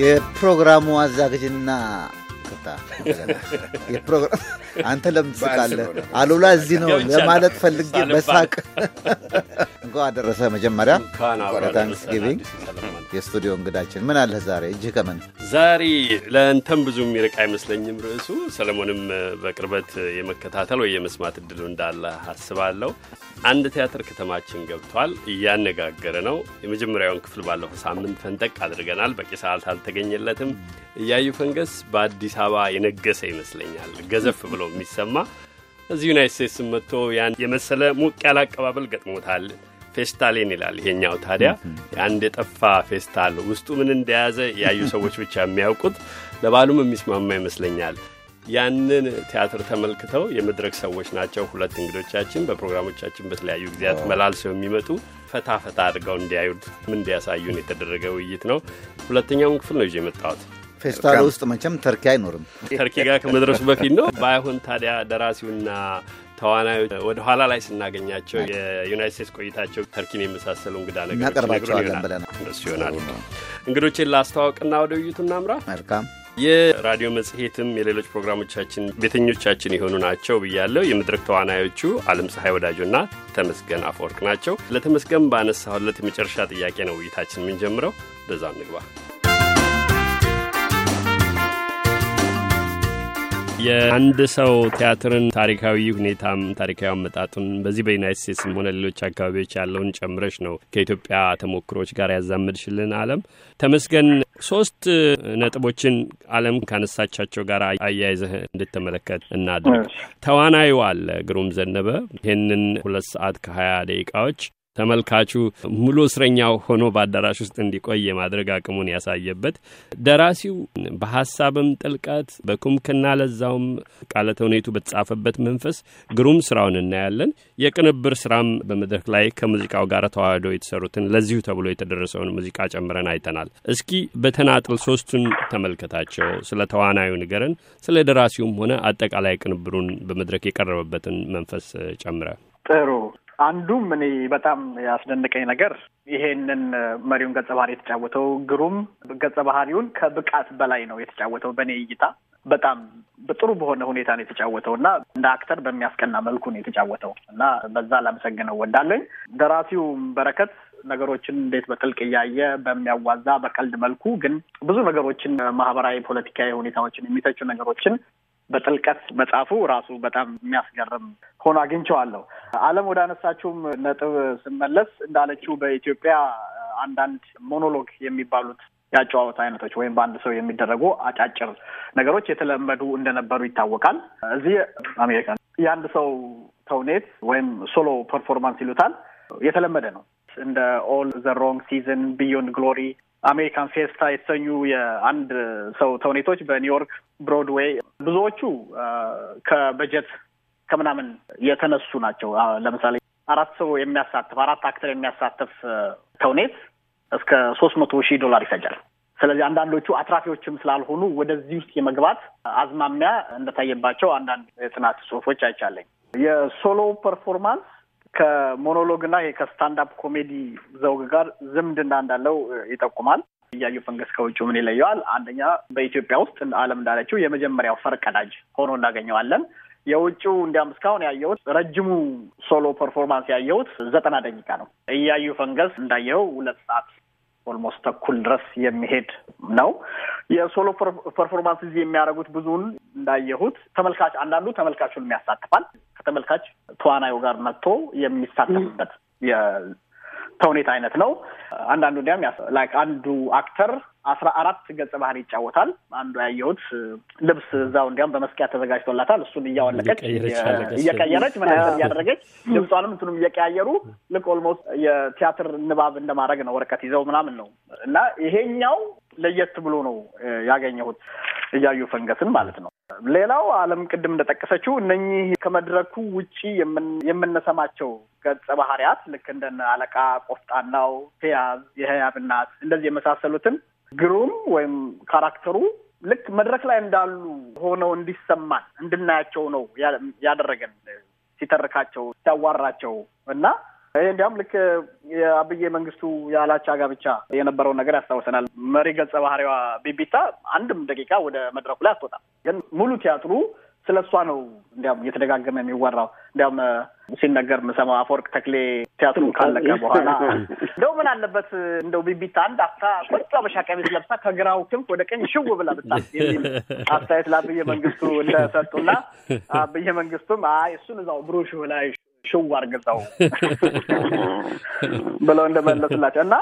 የፕሮግራሙ አዛግጅና አንተ ለምን ትስቃለህ? አሉላ እዚህ ነው ለማለት ፈልጌ በሳቅ እንኳ አደረሰ። መጀመሪያ ጊቪንግ የስቱዲዮ እንግዳችን ምን አለህ ዛሬ? እጅ ከምን ዛሬ ለእንተም ብዙ የሚርቅ አይመስለኝም ርዕሱ። ሰለሞንም በቅርበት የመከታተል ወይ የመስማት እድሉ እንዳለ አስባለሁ። አንድ ቲያትር ከተማችን ገብቷል፣ እያነጋገረ ነው። የመጀመሪያውን ክፍል ባለፈው ሳምንት ፈንጠቅ አድርገናል። በቂ ሰዓት አልተገኘለትም። እያዩ ፈንገስ በአዲስ አበባ የነገሰ ይመስለኛል። ገዘፍ ብሎ የሚሰማ እዚህ ዩናይት ስቴትስ መጥቶ ያን የመሰለ ሞቅ ያለ አቀባበል ገጥሞታል። ፌስታሌን ይላል ይሄኛው። ታዲያ የአንድ የጠፋ ፌስታል ውስጡ ምን እንደያዘ ያዩ ሰዎች ብቻ የሚያውቁት ለባሉም የሚስማማ ይመስለኛል። ያንን ቲያትር ተመልክተው የመድረክ ሰዎች ናቸው። ሁለት እንግዶቻችን በፕሮግራሞቻችን በተለያዩ ጊዜያት መላልሰው የሚመጡ ፈታ ፈታ አድርገው እንዲያዩት ምን እንዲያሳዩን የተደረገ ውይይት ነው። ሁለተኛውን ክፍል ነው ይዤ የመጣሁት። ፌስታል ውስጥ መቼም ተርኪ አይኖርም። ተርኪ ጋር ከመድረሱ በፊት ነው። ባይሆን ታዲያ ደራሲውና ተዋናዮች ወደ ኋላ ላይ ስናገኛቸው የዩናይት ስቴትስ ቆይታቸው ተርኪን የመሳሰሉ እንግዳ ነገሮች እናቀርባቸዋለን ይሆናል። እንግዶችን ላስተዋወቅና ወደ ውይይቱ እናምራ። መልካም የራዲዮ መጽሔትም የሌሎች ፕሮግራሞቻችን ቤተኞቻችን የሆኑ ናቸው ብያለው። የመድረክ ተዋናዮቹ አለም ፀሐይ ወዳጆና ተመስገን አፈወርቅ ናቸው። ለተመስገን ባነሳሁለት የመጨረሻ ጥያቄ ነው ውይይታችን የምንጀምረው። በዛም ንግባ የአንድ ሰው ቲያትርን ታሪካዊ ሁኔታም ታሪካዊ አመጣጡን በዚህ በዩናይት ስቴትስም ሆነ ሌሎች አካባቢዎች ያለውን ጨምረሽ ነው ከኢትዮጵያ ተሞክሮች ጋር ያዛመድሽልን። አለም ተመስገን ሶስት ነጥቦችን አለም ካነሳቻቸው ጋር አያይዘህ እንድትመለከት እናድርግ። ተዋናዩ አለ ግሩም ዘነበ ይህንን ሁለት ሰዓት ከሀያ ደቂቃዎች ተመልካቹ ሙሉ እስረኛ ሆኖ በአዳራሽ ውስጥ እንዲቆይ የማድረግ አቅሙን ያሳየበት ደራሲው በሀሳብም ጥልቀት በኩምክና ለዛውም ቃለ ተውኔቱ በተጻፈበት መንፈስ ግሩም ስራውን እናያለን። የቅንብር ስራም በመድረክ ላይ ከሙዚቃው ጋር ተዋህዶ የተሰሩትን ለዚሁ ተብሎ የተደረሰውን ሙዚቃ ጨምረን አይተናል። እስኪ በተናጥል ሶስቱን ተመልከታቸው። ስለ ተዋናዩ ንገረን፣ ስለ ደራሲውም ሆነ አጠቃላይ ቅንብሩን በመድረክ የቀረበበትን መንፈስ ጨምረ ጥሩ አንዱም እኔ በጣም ያስደንቀኝ ነገር ይሄንን መሪውን ገጸ ባህሪ የተጫወተው ግሩም ገጸ ባህሪውን ከብቃት በላይ ነው የተጫወተው። በእኔ እይታ በጣም ጥሩ በሆነ ሁኔታ ነው የተጫወተው እና እንደ አክተር በሚያስቀና መልኩ ነው የተጫወተው እና በዛ ላመሰግነው ወዳለኝ ደራሲው በረከት ነገሮችን እንዴት በጥልቅ እያየ በሚያዋዛ በቀልድ መልኩ ግን ብዙ ነገሮችን ማህበራዊ፣ ፖለቲካዊ ሁኔታዎችን የሚተቹ ነገሮችን በጥልቀት መጻፉ ራሱ በጣም የሚያስገርም ሆኖ አግኝቸዋለሁ ዓለም ወደ ነጥብ ስመለስ እንዳለችው በኢትዮጵያ አንዳንድ ሞኖሎግ የሚባሉት የአጨዋወት አይነቶች ወይም በአንድ ሰው የሚደረጉ አጫጭር ነገሮች የተለመዱ እንደነበሩ ይታወቃል። እዚህ አሜሪካ የአንድ ሰው ተውኔት ወይም ሶሎ ፐርፎርማንስ ይሉታል የተለመደ ነው። እንደ ኦል ዘ ሮንግ ሲዝን፣ ቢዮንድ ግሎሪ አሜሪካን ፌስታ የተሰኙ የአንድ ሰው ተውኔቶች በኒውዮርክ ብሮድዌይ ብዙዎቹ ከበጀት ከምናምን የተነሱ ናቸው። ለምሳሌ አራት ሰው የሚያሳትፍ አራት አክተር የሚያሳትፍ ተውኔት እስከ ሶስት መቶ ሺህ ዶላር ይፈጃል። ስለዚህ አንዳንዶቹ አትራፊዎችም ስላልሆኑ ወደዚህ ውስጥ የመግባት አዝማሚያ እንደታየባቸው አንዳንድ የጥናት ጽሁፎች አይቻለኝ። የሶሎ ፐርፎርማንስ ከሞኖሎግ ይሄ ከስታንዳፕ ኮሜዲ ዘውግ ጋር ዝምድና እንዳለው ይጠቁማል። እያዩ ፈንገስ ከውጭ ምን ይለየዋል? አንደኛ በኢትዮጵያ ውስጥ አለም እንዳለችው የመጀመሪያው ፈርቀዳጅ ሆኖ እናገኘዋለን። የውጭው እንዲያም እስካሁን ያየሁት ረጅሙ ሶሎ ፐርፎርማንስ ያየሁት ዘጠና ደቂቃ ነው። እያዩ ፈንገስ እንዳየኸው ሁለት ሰዓት ኦልሞስት ተኩል ድረስ የሚሄድ ነው። የሶሎ ፐርፎርማንስ እዚህ የሚያደርጉት ብዙውን እንዳየሁት ተመልካች አንዳንዱ ተመልካቹን የሚያሳትፋል ከተመልካች ተዋናዩ ጋር መጥቶ የሚሳተፍበት የተውኔት አይነት ነው። አንዳንዱ እንዲያውም አንዱ አክተር አስራ አራት ገጸ ባህሪ ይጫወታል። አንዱ ያየሁት ልብስ እዛው እንዲያውም በመስቀያ ተዘጋጅቶላታል። እሱን እያወለቀች እየቀየረች ምን እያደረገች ልብሷንም እንትኑም እየቀያየሩ ልክ ኦልሞስት የቲያትር ንባብ እንደማድረግ ነው። ወረቀት ይዘው ምናምን ነው እና ይሄኛው ለየት ብሎ ነው ያገኘሁት እያዩ ፈንገስን ማለት ነው። ሌላው አለም ቅድም እንደጠቀሰችው እነኚህ ከመድረኩ ውጪ የምንሰማቸው ገጸ ባህሪያት ልክ እንደ አለቃ ቆፍጣናው፣ ፔያዝ፣ የህያብ እናት እንደዚህ የመሳሰሉትን ግሩም ወይም ካራክተሩ ልክ መድረክ ላይ እንዳሉ ሆነው እንዲሰማን እንድናያቸው ነው ያደረገን። ሲተርካቸው ሲያዋራቸው እና ይህ እንዲያውም ልክ የአብዬ መንግስቱ ያላቻ ጋብቻ የነበረውን ነገር ያስታውሰናል። መሪ ገጸ ባህሪዋ ቢቢታ አንድም ደቂቃ ወደ መድረኩ ላይ አትወጣም፣ ግን ሙሉ ቲያትሩ ስለ እሷ ነው እንዲያውም እየተደጋገመ የሚወራው። እንዲያውም ሲነገር የምሰማው አፈወርቅ ተክሌ ቲያትሩ ካለቀ በኋላ እንደው ምን አለበት እንደው ቢቢታ አንድ አፍታ ቆንጆ አበሻ ቀሚስ ለብሳ ከግራው ክንፍ ወደ ቀኝ ሽው ብላ ብታ የሚል አስተያየት ለአብየ መንግስቱ እንደሰጡና አብየ መንግስቱም አይ እሱን እዛው ብሮሹ ላይ ሽው አርግዘው ብለው እንደመለስላቸው እና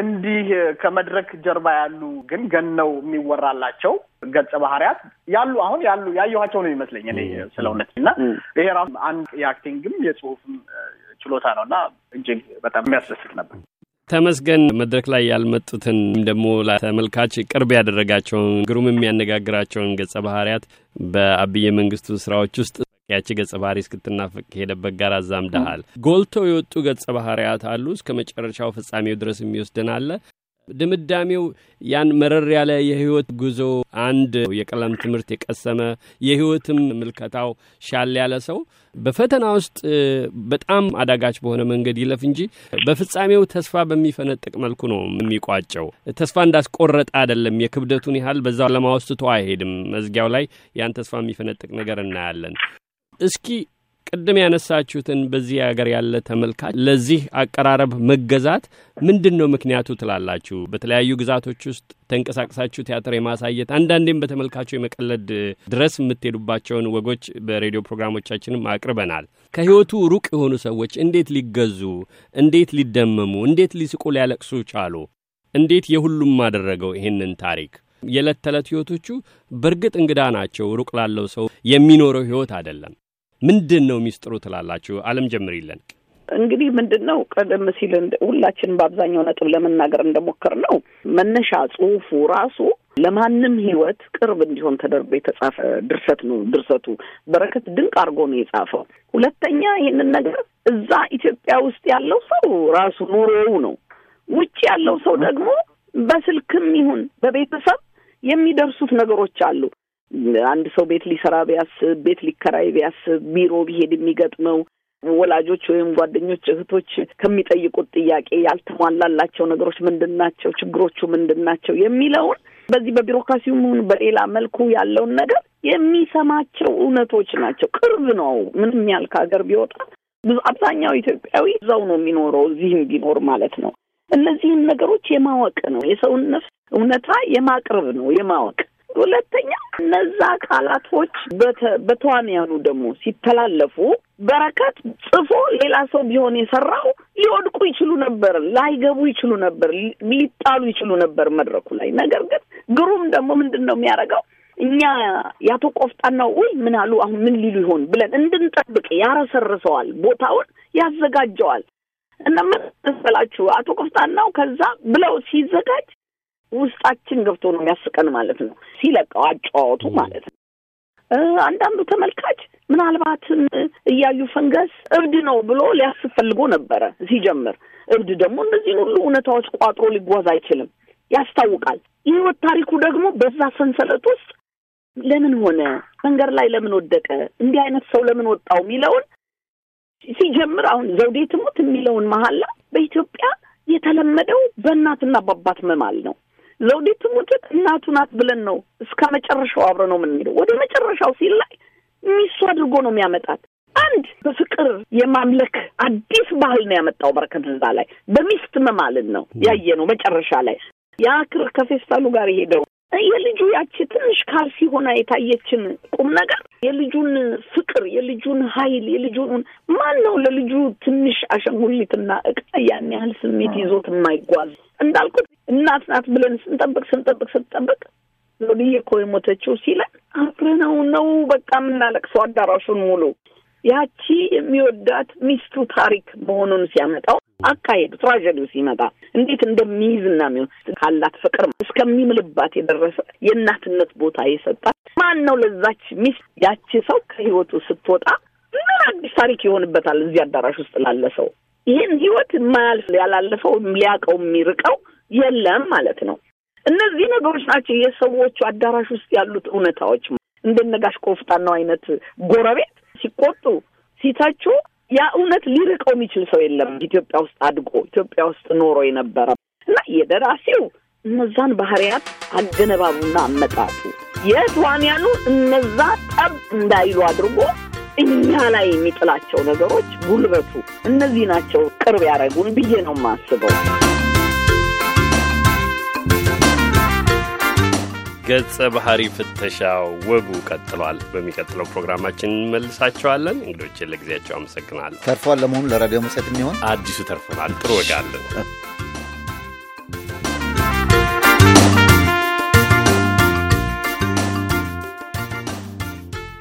እንዲህ ከመድረክ ጀርባ ያሉ ግን ገነው የሚወራላቸው ገጸ ባህሪያት ያሉ አሁን ያሉ ያየኋቸው ነው ይመስለኝ እኔ ስለ እውነት እና ይሄ ራሱ አንድ የአክቲንግም የጽሁፍም ችሎታ ነው እና እጅግ በጣም የሚያስደስት ነበር። ተመስገን መድረክ ላይ ያልመጡትን ወይም ደግሞ ለተመልካች ቅርብ ያደረጋቸውን ግሩም የሚያነጋግራቸውን ገጸ ባህርያት በአብየ መንግስቱ ስራዎች ውስጥ ያቺ ገጸ ባህሪ እስክትናፍቅ ሄደበት ጋር አዛምደሃል። ጎልተው የወጡ ገጸ ባህርያት አሉ። እስከ መጨረሻው ፍጻሜው ድረስ የሚወስደን አለ። ድምዳሜው ያን መረር ያለ የህይወት ጉዞ አንድ የቀለም ትምህርት የቀሰመ የህይወትም ምልከታው ሻል ያለ ሰው በፈተና ውስጥ በጣም አዳጋች በሆነ መንገድ ይለፍ እንጂ በፍጻሜው ተስፋ በሚፈነጥቅ መልኩ ነው የሚቋጨው። ተስፋ እንዳስቆረጠ አይደለም። የክብደቱን ያህል በዛ ለማወስትቶ አይሄድም። መዝጊያው ላይ ያን ተስፋ የሚፈነጥቅ ነገር እናያለን። እስኪ ቅድም ያነሳችሁትን በዚህ ሀገር ያለ ተመልካች ለዚህ አቀራረብ መገዛት ምንድን ነው ምክንያቱ ትላላችሁ? በተለያዩ ግዛቶች ውስጥ ተንቀሳቀሳችሁ ቲያትር የማሳየት አንዳንዴም በተመልካቹ የመቀለድ ድረስ የምትሄዱባቸውን ወጎች በሬዲዮ ፕሮግራሞቻችንም አቅርበናል። ከህይወቱ ሩቅ የሆኑ ሰዎች እንዴት ሊገዙ፣ እንዴት ሊደመሙ፣ እንዴት ሊስቁ፣ ሊያለቅሱ ቻሉ? እንዴት የሁሉም አደረገው ይህንን ታሪክ? የዕለት ተዕለት ህይወቶቹ በእርግጥ እንግዳ ናቸው። ሩቅ ላለው ሰው የሚኖረው ህይወት አይደለም። ምንድን ነው ሚስጥሩ ትላላችሁ? አለም ጀምሪለን። እንግዲህ ምንድን ነው ቀደም ሲል ሁላችንም በአብዛኛው ነጥብ ለመናገር እንደሞከር ነው መነሻ ጽሁፉ ራሱ ለማንም ህይወት ቅርብ እንዲሆን ተደርጎ የተጻፈ ድርሰት ነው። ድርሰቱ በረከት ድንቅ አድርጎ ነው የጻፈው። ሁለተኛ ይህንን ነገር እዛ ኢትዮጵያ ውስጥ ያለው ሰው ራሱ ኑሮው ነው። ውጭ ያለው ሰው ደግሞ በስልክም ይሁን በቤተሰብ የሚደርሱት ነገሮች አሉ። አንድ ሰው ቤት ሊሰራ ቢያስብ፣ ቤት ሊከራይ ቢያስብ፣ ቢሮ ቢሄድ የሚገጥመው ወላጆች ወይም ጓደኞች እህቶች ከሚጠይቁት ጥያቄ ያልተሟላላቸው ነገሮች ምንድን ናቸው? ችግሮቹ ምንድን ናቸው? የሚለውን በዚህ በቢሮክራሲውም ሆነ በሌላ መልኩ ያለውን ነገር የሚሰማቸው እውነቶች ናቸው። ቅርብ ነው። ምንም ያህል ከሀገር ቢወጣ ብዙ አብዛኛው ኢትዮጵያዊ እዛው ነው የሚኖረው፣ እዚህም ቢኖር ማለት ነው። እነዚህን ነገሮች የማወቅ ነው። የሰውን ነፍስ እውነታ የማቅረብ ነው። የማወቅ ሁለተኛ እነዛ አካላቶች በተዋንያኑ ደግሞ ሲተላለፉ በረከት ጽፎ ሌላ ሰው ቢሆን የሰራው ሊወድቁ ይችሉ ነበር፣ ላይገቡ ይችሉ ነበር፣ ሊጣሉ ይችሉ ነበር መድረኩ ላይ። ነገር ግን ግሩም ደግሞ ምንድን ነው የሚያደርገው? እኛ ያቶ ቆፍጣና ውይ ምን አሉ አሁን ምን ሊሉ ይሆን ብለን እንድንጠብቅ ያረሰርሰዋል፣ ቦታውን ያዘጋጀዋል። እና ምን መሰላችሁ አቶ ቆፍጣናው ከዛ ብለው ሲዘጋጅ ውስጣችን ገብቶ ነው የሚያስቀን ማለት ነው። ሲለቀው አጫዋወቱ ማለት ነው። አንዳንዱ ተመልካች ምናልባትም እያዩ ፈንገስ እብድ ነው ብሎ ሊያስፈልጎ ነበረ ሲጀምር። እብድ ደግሞ እነዚህን ሁሉ እውነታዎች ቋጥሮ ሊጓዝ አይችልም፣ ያስታውቃል። የህይወት ታሪኩ ደግሞ በዛ ሰንሰለት ውስጥ ለምን ሆነ፣ መንገድ ላይ ለምን ወደቀ፣ እንዲህ አይነት ሰው ለምን ወጣው የሚለውን ሲጀምር አሁን ዘውዴ ትሙት የሚለውን መሀላ በኢትዮጵያ የተለመደው በእናትና በአባት መማል ነው። ለውዲት ሙድት እናቱ ናት ብለን ነው እስከ መጨረሻው አብረ ነው የምንሄደው። ወደ መጨረሻው ሲል ላይ ሚስቱ አድርጎ ነው የሚያመጣት። አንድ በፍቅር የማምለክ አዲስ ባህል ነው ያመጣው በረከት እዛ ላይ በሚስት መማልን ነው ያየ ነው መጨረሻ ላይ ያ ክር ከፌስታሉ ጋር የሄደው የልጁ ያቺ ትንሽ ካልሲ ሆና የታየችን ቁም ነገር የልጁን ፍቅር፣ የልጁን ኃይል፣ የልጁን ማን ነው ለልጁ ትንሽ አሸንጉሊትና እቃ ያን ያህል ስሜት ይዞት የማይጓዝ እንዳልኩት እናት ናት ብለን ስንጠብቅ ስንጠብቅ ስንጠብቅ ሎድዬ እኮ የሞተችው ሲለን አብረነው ነው በቃ የምናለቅሰው አዳራሹን ሙሉ ያቺ የሚወዳት ሚስቱ ታሪክ መሆኑን ሲያመጣው አካሄዱ ትራጀዲው ሲመጣ እንዴት እንደሚይዝ እና ካላት ፍቅር እስከሚምልባት የደረሰ የእናትነት ቦታ የሰጣት ማን ነው? ለዛች ሚስት ያቺ ሰው ከህይወቱ ስትወጣ ምን አዲስ ታሪክ ይሆንበታል? እዚህ አዳራሽ ውስጥ ላለ ሰው ይህን ህይወት የማያልፍ ያላለፈው ሊያውቀው የሚርቀው የለም ማለት ነው። እነዚህ ነገሮች ናቸው የሰዎቹ አዳራሽ ውስጥ ያሉት እውነታዎች። እንደነጋሽ ቆፍጣናው አይነት ጎረቤት ሲቆጡ ሲተቹ ያ እውነት ሊርቀው የሚችል ሰው የለም ኢትዮጵያ ውስጥ አድጎ ኢትዮጵያ ውስጥ ኖሮ የነበረ እና የደራሲው እነዛን ባህሪያት አገነባቡና አመጣጡ የትዋንያኑ እነዛ ጠብ እንዳይሉ አድርጎ እኛ ላይ የሚጥላቸው ነገሮች ጉልበቱ እነዚህ ናቸው ቅርብ ያደረጉን ብዬ ነው የማስበው። ገጸ ባህሪ ፍተሻ ወጉ ቀጥሏል። በሚቀጥለው ፕሮግራማችን እንመልሳቸዋለን። እንግዶችን ለጊዜያቸው አመሰግናለሁ። ተርፏል። ለመሆኑ ለራዲዮ መጽሔት የሚሆን አዲሱ ተርፎናል። ጥሩ ወጋለን